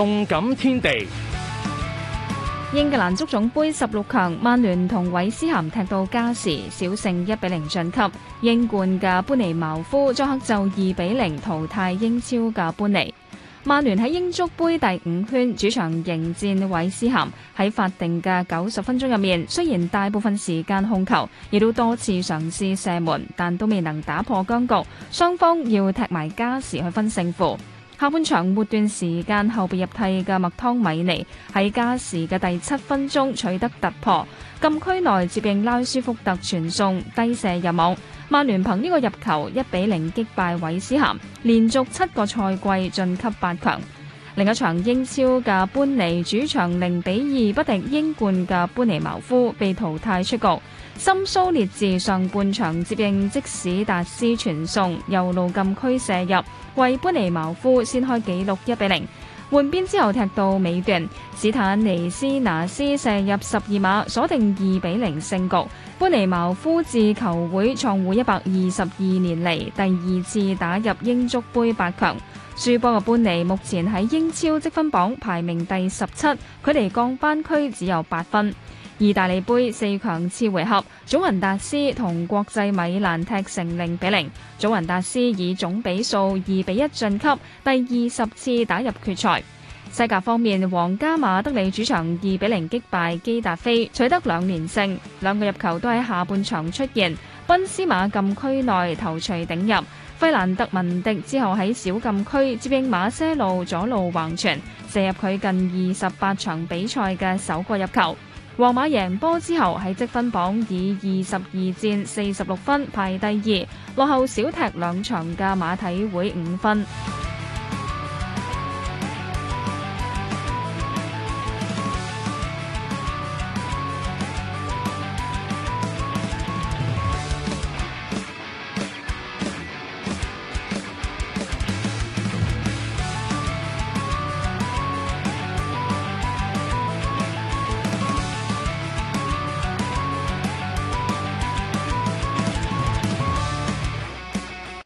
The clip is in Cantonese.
動感天地，英格蘭足總盃十六強，曼聯同韋斯咸踢到加時，小勝一比零晉級。英冠嘅般尼茅夫作客就二比零淘汰英超嘅般尼。曼聯喺英足盃第五圈主場迎戰韋斯咸，喺法定嘅九十分鐘入面，雖然大部分時間控球，亦都多次嘗試射門，但都未能打破僵局。雙方要踢埋加時去分勝負。下半場末段時間後備入替嘅麥湯米尼喺加時嘅第七分鐘取得突破，禁區內接應拉舒福特傳送低射入網，曼聯憑呢個入球一比零擊敗韋斯咸，連續七個賽季晉級八強。另一場英超嘅般尼主場零比二不敵英冠嘅般尼茅夫，被淘汰出局。心蘇列治上半場接應即使達斯傳送，右路禁區射入，為般尼茅夫先開紀錄一比零。0換邊之後踢到尾段，史坦尼斯拿斯射入十二碼，鎖定二比零勝局。般尼茅夫自球會創會一百二十二年嚟第二次打入英足盃八強。輸波嘅般尼目前喺英超積分榜排名第十七，距離降班區只有八分。意大利杯四強次回合，祖雲達斯同國際米蘭踢成零比零，祖雲達斯以總比數二比一晉級，第二十次打入決賽。西甲方面，皇家馬德里主場二比零擊敗基達菲，取得兩連勝，兩個入球都喺下半場出現，賓斯馬禁區內頭槌頂入。菲蘭德文迪之後喺小禁區接應馬歇路左路橫傳，射入佢近二十八場比賽嘅首個入球。皇馬贏波之後喺積分榜以二十二戰四十六分排第二，落後小踢兩場嘅馬體會五分。